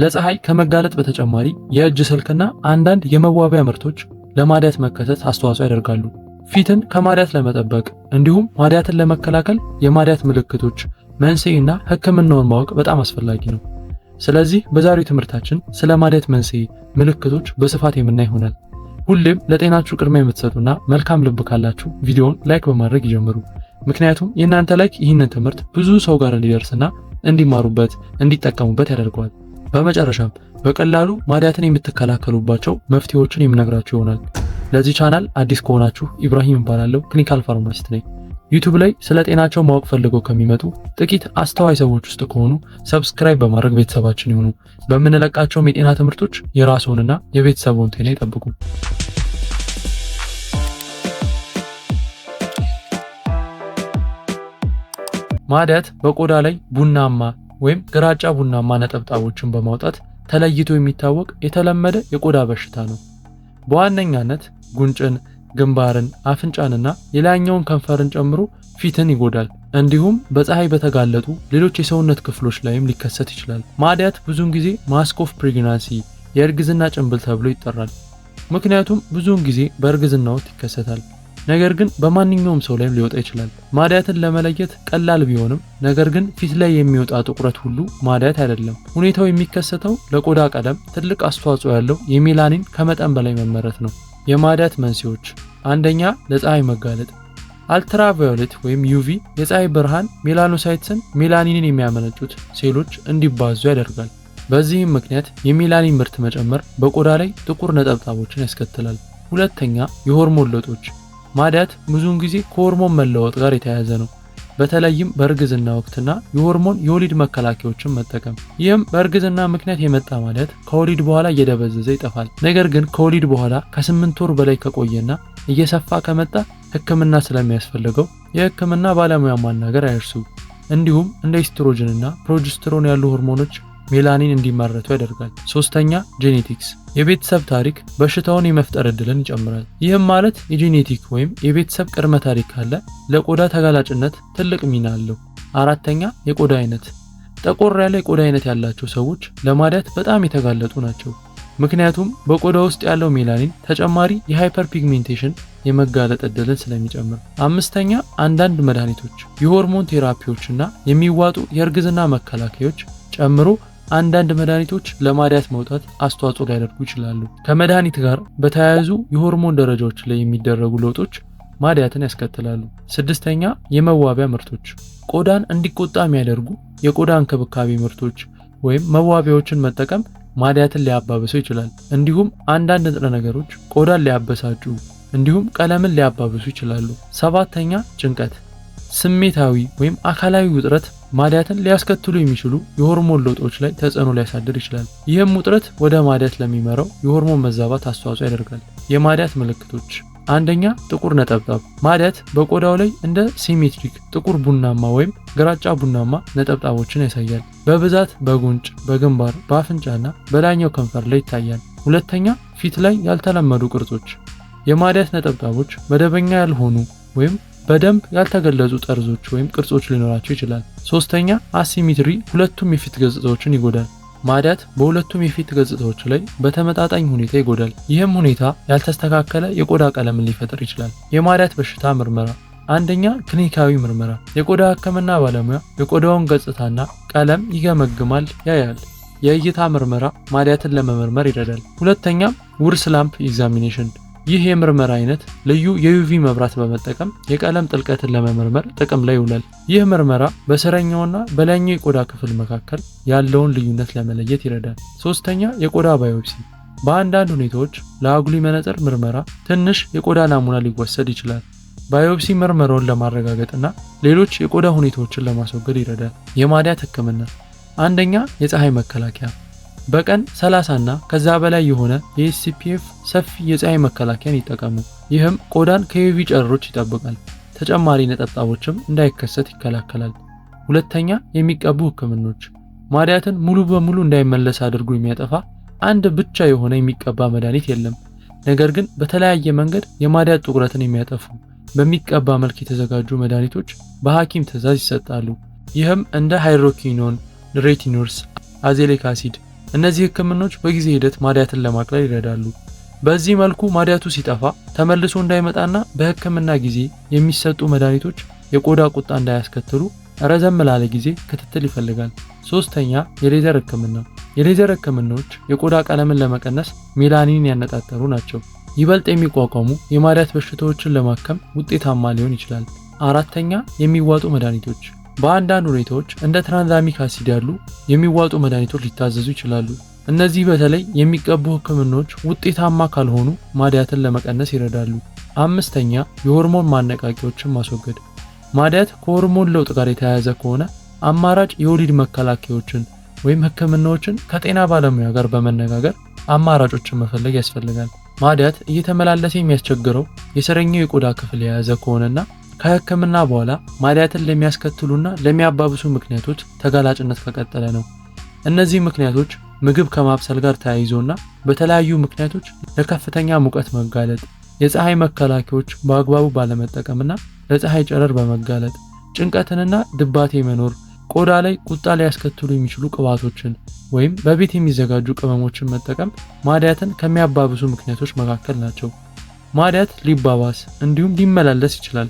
ለፀሐይ ከመጋለጥ በተጨማሪ የእጅ ስልክና አንዳንድ የመዋቢያ ምርቶች ለማዲያት መከሰት አስተዋጽኦ ያደርጋሉ። ፊትን ከማዲያት ለመጠበቅ እንዲሁም ማዲያትን ለመከላከል የማዲያት ምልክቶች፣ መንስኤና ሕክምናውን ማወቅ በጣም አስፈላጊ ነው። ስለዚህ በዛሬው ትምህርታችን ስለ ማዲያት መንስኤ፣ ምልክቶች በስፋት የምናይ ይሆናል። ሁሌም ለጤናችሁ ቅድሚያ የምትሰጡና መልካም ልብ ካላችሁ ቪዲዮውን ላይክ በማድረግ ይጀምሩ። ምክንያቱም የእናንተ ላይክ ይህንን ትምህርት ብዙ ሰው ጋር እንዲደርስና እንዲማሩበት እንዲጠቀሙበት ያደርገዋል። በመጨረሻም በቀላሉ ማዲያትን የምትከላከሉባቸው መፍትሄዎችን የምነግራችሁ ይሆናል። ለዚህ ቻናል አዲስ ከሆናችሁ ኢብራሂም እባላለሁ፣ ክሊኒካል ፋርማሲስት ነኝ። ዩቱብ ላይ ስለ ጤናቸው ማወቅ ፈልገው ከሚመጡ ጥቂት አስተዋይ ሰዎች ውስጥ ከሆኑ ሰብስክራይብ በማድረግ ቤተሰባችን ይሆኑ። በምንለቃቸውም የጤና ትምህርቶች የራስዎንና የቤተሰቡን ጤና ይጠብቁ። ማዲያት በቆዳ ላይ ቡናማ ወይም ግራጫ ቡናማ ነጠብጣቦችን በማውጣት ተለይቶ የሚታወቅ የተለመደ የቆዳ በሽታ ነው። በዋነኛነት ጉንጭን፣ ግንባርን፣ አፍንጫንና የላይኛውን ከንፈርን ጨምሮ ፊትን ይጎዳል። እንዲሁም በፀሐይ በተጋለጡ ሌሎች የሰውነት ክፍሎች ላይም ሊከሰት ይችላል። ማዲያት ብዙውን ጊዜ ማስክ ኦፍ ፕሬግናንሲ የእርግዝና ጭንብል ተብሎ ይጠራል። ምክንያቱም ብዙውን ጊዜ በእርግዝና ወቅት ይከሰታል። ነገር ግን በማንኛውም ሰው ላይም ሊወጣ ይችላል። ማዳያትን ለመለየት ቀላል ቢሆንም ነገር ግን ፊት ላይ የሚወጣ ጥቁረት ሁሉ ማዳያት አይደለም። ሁኔታው የሚከሰተው ለቆዳ ቀለም ትልቅ አስተዋጽኦ ያለው የሜላኒን ከመጠን በላይ መመረት ነው። የማዳያት መንስኤዎች አንደኛ ለፀሐይ መጋለጥ አልትራቫዮሌት ወይም ዩቪ የፀሐይ ብርሃን ሜላኖሳይትስን ሜላኒንን የሚያመነጩት ሴሎች እንዲባዙ ያደርጋል። በዚህም ምክንያት የሜላኒን ምርት መጨመር በቆዳ ላይ ጥቁር ነጠብጣቦችን ያስከትላል። ሁለተኛ የሆርሞን ለውጦች ማዳት ብዙውን ጊዜ ከሆርሞን መለወጥ ጋር የተያያዘ ነው። በተለይም በእርግዝና ወቅትና የሆርሞን የወሊድ መከላከያዎችን መጠቀም። ይህም በእርግዝና ምክንያት የመጣ ማዳት ከወሊድ በኋላ እየደበዘዘ ይጠፋል። ነገር ግን ከወሊድ በኋላ ከስምንት ወር በላይ ከቆየና እየሰፋ ከመጣ ሕክምና ስለሚያስፈልገው የሕክምና ባለሙያ ማናገር አይርሱ። እንዲሁም እንደ ኢስትሮጅንና ፕሮጅስትሮን ያሉ ሆርሞኖች ሜላኒን እንዲመረቱ ያደርጋል። ሶስተኛ ጄኔቲክስ የቤተሰብ ታሪክ በሽታውን የመፍጠር እድልን ይጨምራል። ይህም ማለት የጄኔቲክ ወይም የቤተሰብ ቅድመ ታሪክ ካለ ለቆዳ ተጋላጭነት ትልቅ ሚና አለው። አራተኛ የቆዳ አይነት ጠቆር ያለ የቆዳ አይነት ያላቸው ሰዎች ለማዳት በጣም የተጋለጡ ናቸው። ምክንያቱም በቆዳ ውስጥ ያለው ሜላኒን ተጨማሪ የሃይፐር ፒግሜንቴሽን የመጋለጥ እድልን ስለሚጨምር። አምስተኛ አንዳንድ መድኃኒቶች፣ የሆርሞን ቴራፒዎችና የሚዋጡ የእርግዝና መከላከያዎች ጨምሮ አንዳንድ መድኃኒቶች ለማዳት መውጣት አስተዋጽኦ ሊያደርጉ ይችላሉ። ከመድኃኒት ጋር በተያያዙ የሆርሞን ደረጃዎች ላይ የሚደረጉ ለውጦች ማዳያትን ያስከትላሉ። ስድስተኛ የመዋቢያ ምርቶች፣ ቆዳን እንዲቆጣ የሚያደርጉ የቆዳ እንክብካቤ ምርቶች ወይም መዋቢያዎችን መጠቀም ማዳያትን ሊያባብሰው ይችላል። እንዲሁም አንዳንድ ንጥረ ነገሮች ቆዳን ሊያበሳጩ እንዲሁም ቀለምን ሊያባብሱ ይችላሉ። ሰባተኛ ጭንቀት፣ ስሜታዊ ወይም አካላዊ ውጥረት ማዳትን ሊያስከትሉ የሚችሉ የሆርሞን ለውጦች ላይ ተጽዕኖ ሊያሳድር ይችላል። ይህም ውጥረት ወደ ማዳት ለሚመራው የሆርሞን መዛባት አስተዋጽኦ ያደርጋል። የማዳት ምልክቶች አንደኛ፣ ጥቁር ነጠብጣብ። ማዳት በቆዳው ላይ እንደ ሲሜትሪክ ጥቁር ቡናማ ወይም ግራጫ ቡናማ ነጠብጣቦችን ያሳያል። በብዛት በጉንጭ፣ በግንባር፣ በአፍንጫና በላይኛው ከንፈር ላይ ይታያል። ሁለተኛ፣ ፊት ላይ ያልተለመዱ ቅርጾች። የማዳት ነጠብጣቦች መደበኛ ያልሆኑ ወይም በደንብ ያልተገለጹ ጠርዞች ወይም ቅርጾች ሊኖራቸው ይችላል። ሶስተኛ አሲሚትሪ ሁለቱም የፊት ገጽታዎችን ይጎዳል። ማዳት በሁለቱም የፊት ገጽታዎች ላይ በተመጣጣኝ ሁኔታ ይጎዳል። ይህም ሁኔታ ያልተስተካከለ የቆዳ ቀለምን ሊፈጥር ይችላል። የማዳት በሽታ ምርመራ አንደኛ ክሊኒካዊ ምርመራ፣ የቆዳ ሕክምና ባለሙያ የቆዳውን ገጽታና ቀለም ይገመግማል፣ ያያል። የእይታ ምርመራ ማዳትን ለመመርመር ይረዳል። ሁለተኛም ውርስ ላምፕ ኤግዛሚኔሽን ይህ የምርመራ አይነት ልዩ የዩቪ መብራት በመጠቀም የቀለም ጥልቀትን ለመመርመር ጥቅም ላይ ይውላል። ይህ ምርመራ በስረኛውና በላይኛው የቆዳ ክፍል መካከል ያለውን ልዩነት ለመለየት ይረዳል። ሶስተኛ የቆዳ ባዮፕሲ በአንዳንድ ሁኔታዎች ለአጉሊ መነጽር ምርመራ ትንሽ የቆዳ ናሙና ሊወሰድ ይችላል። ባዮፕሲ ምርመራውን ለማረጋገጥና ሌሎች የቆዳ ሁኔታዎችን ለማስወገድ ይረዳል። የማድያት ሕክምና አንደኛ የፀሐይ መከላከያ በቀን 30 እና ከዛ በላይ የሆነ የኤስፒኤፍ ሰፊ የፀሐይ መከላከያን ይጠቀሙ። ይህም ቆዳን ከዩቪ ጨረሮች ይጠብቃል፣ ተጨማሪ ነጠብጣቦችም እንዳይከሰት ይከላከላል። ሁለተኛ፣ የሚቀቡ ህክምኖች ማዲያትን ሙሉ በሙሉ እንዳይመለስ አድርጎ የሚያጠፋ አንድ ብቻ የሆነ የሚቀባ መድኃኒት የለም። ነገር ግን በተለያየ መንገድ የማዲያት ጥቁረትን የሚያጠፉ በሚቀባ መልክ የተዘጋጁ መድኃኒቶች በሐኪም ትዕዛዝ ይሰጣሉ። ይህም እንደ ሃይድሮኪኖን፣ ሬቲኖርስ፣ አዜሌክ አሲድ እነዚህ ህክምናዎች በጊዜ ሂደት ማዲያትን ለማቅለል ይረዳሉ። በዚህ መልኩ ማዲያቱ ሲጠፋ ተመልሶ እንዳይመጣና በህክምና ጊዜ የሚሰጡ መድኃኒቶች የቆዳ ቁጣ እንዳያስከትሉ ረዘም ላለ ጊዜ ክትትል ይፈልጋል። ሶስተኛ የሌዘር ህክምና። የሌዘር ህክምናዎች የቆዳ ቀለምን ለመቀነስ ሜላኒን ያነጣጠሩ ናቸው። ይበልጥ የሚቋቋሙ የማዲያት በሽታዎችን ለማከም ውጤታማ ሊሆን ይችላል። አራተኛ የሚዋጡ መድኃኒቶች በአንዳንድ ሁኔታዎች እንደ ትራንዛሚክ አሲድ ያሉ የሚዋጡ መድኃኒቶች ሊታዘዙ ይችላሉ። እነዚህ በተለይ የሚቀቡ ህክምናዎች ውጤታማ ካልሆኑ ማድያትን ለመቀነስ ይረዳሉ። አምስተኛ የሆርሞን ማነቃቂዎችን ማስወገድ። ማድያት ከሆርሞን ለውጥ ጋር የተያያዘ ከሆነ አማራጭ የወሊድ መከላከያዎችን ወይም ህክምናዎችን ከጤና ባለሙያ ጋር በመነጋገር አማራጮችን መፈለግ ያስፈልጋል። ማድያት እየተመላለሰ የሚያስቸግረው የስረኛው የቆዳ ክፍል የያዘ ከሆነና ከህክምና በኋላ ማድያትን ለሚያስከትሉና ለሚያባብሱ ምክንያቶች ተጋላጭነት ከቀጠለ ነው። እነዚህ ምክንያቶች ምግብ ከማብሰል ጋር ተያይዞና በተለያዩ ምክንያቶች ለከፍተኛ ሙቀት መጋለጥ፣ የፀሐይ መከላከያዎች በአግባቡ ባለመጠቀምና ለፀሐይ ጨረር በመጋለጥ፣ ጭንቀትንና ድባቴ መኖር፣ ቆዳ ላይ ቁጣ ሊያስከትሉ የሚችሉ ቅባቶችን ወይም በቤት የሚዘጋጁ ቅመሞችን መጠቀም ማዲያትን ከሚያባብሱ ምክንያቶች መካከል ናቸው። ማዲያት ሊባባስ እንዲሁም ሊመላለስ ይችላል።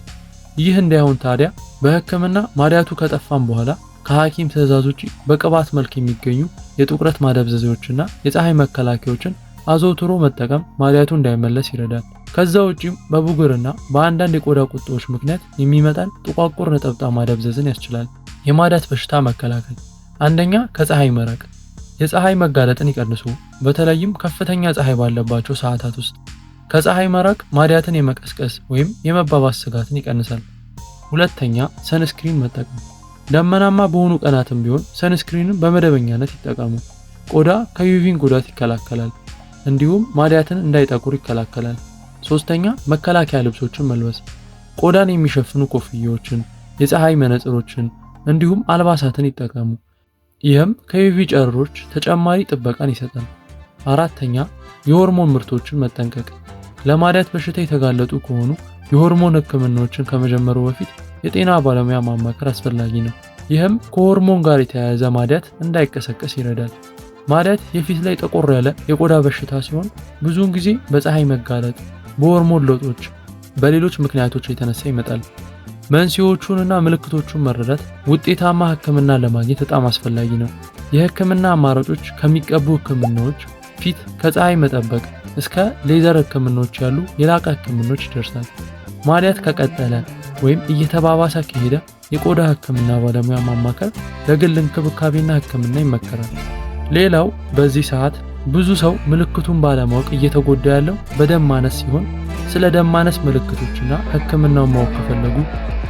ይህ እንዳይሆን ታዲያ በህክምና ማድያቱ ከጠፋም በኋላ ከሐኪም ትዕዛዝ ውጪ በቅባት መልክ የሚገኙ የጥቁረት ማደብዘዜዎችና የፀሐይ መከላከያዎችን አዘውትሮ መጠቀም ማድያቱ እንዳይመለስ ይረዳል። ከዛ ውጪም በብጉርና በአንዳንድ የቆዳ ቁጣዎች ምክንያት የሚመጣን ጥቋቁር ነጠብጣብ ማደብዘዝን ያስችላል። የማዳት በሽታ መከላከል፣ አንደኛ ከፀሐይ መራቅ። የፀሐይ መጋለጥን ይቀንሱ። በተለይም ከፍተኛ ፀሐይ ባለባቸው ሰዓታት ውስጥ ከፀሐይ መራቅ ማዲያትን የመቀስቀስ ወይም የመባባስ ስጋትን ይቀንሳል። ሁለተኛ ሰንስክሪን መጠቀም። ደመናማ በሆኑ ቀናትም ቢሆን ሰንስክሪንን በመደበኛነት ይጠቀሙ። ቆዳ ከዩቪን ጉዳት ይከላከላል፣ እንዲሁም ማዲያትን እንዳይጠቁር ይከላከላል። ሶስተኛ መከላከያ ልብሶችን መልበስ። ቆዳን የሚሸፍኑ ኮፍያዎችን፣ የፀሐይ መነጽሮችን እንዲሁም አልባሳትን ይጠቀሙ። ይህም ከዩቪ ጨረሮች ተጨማሪ ጥበቃን ይሰጣል። አራተኛ የሆርሞን ምርቶችን መጠንቀቅ ለማዳት በሽታ የተጋለጡ ከሆኑ የሆርሞን ህክምናዎችን ከመጀመሩ በፊት የጤና ባለሙያ ማማከር አስፈላጊ ነው። ይህም ከሆርሞን ጋር የተያያዘ ማዳት እንዳይቀሰቀስ ይረዳል። ማዳት የፊት ላይ ጠቆር ያለ የቆዳ በሽታ ሲሆን ብዙውን ጊዜ በፀሐይ መጋለጥ፣ በሆርሞን ለውጦች፣ በሌሎች ምክንያቶች የተነሳ ይመጣል። መንስኤዎቹንና ምልክቶቹን መረዳት ውጤታማ ህክምና ለማግኘት በጣም አስፈላጊ ነው። የህክምና አማራጮች ከሚቀቡ ህክምናዎች ፊት ከፀሐይ መጠበቅ እስከ ሌዘር ህክምናዎች ያሉ የላቀ ህክምናዎች ይደርሳል። ማዲያት ከቀጠለ ወይም እየተባባሰ ከሄደ የቆዳ ህክምና ባለሙያ ማማከር ለግል እንክብካቤና ህክምና ይመከራል። ሌላው በዚህ ሰዓት ብዙ ሰው ምልክቱን ባለማወቅ እየተጎዳ ያለው በደም ማነስ ሲሆን ስለ ደም ማነስ ምልክቶችና ህክምናውን ማወቅ ከፈለጉ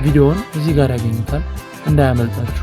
ቪዲዮውን እዚህ ጋር ያገኙታል፣ እንዳያመልጣችሁ።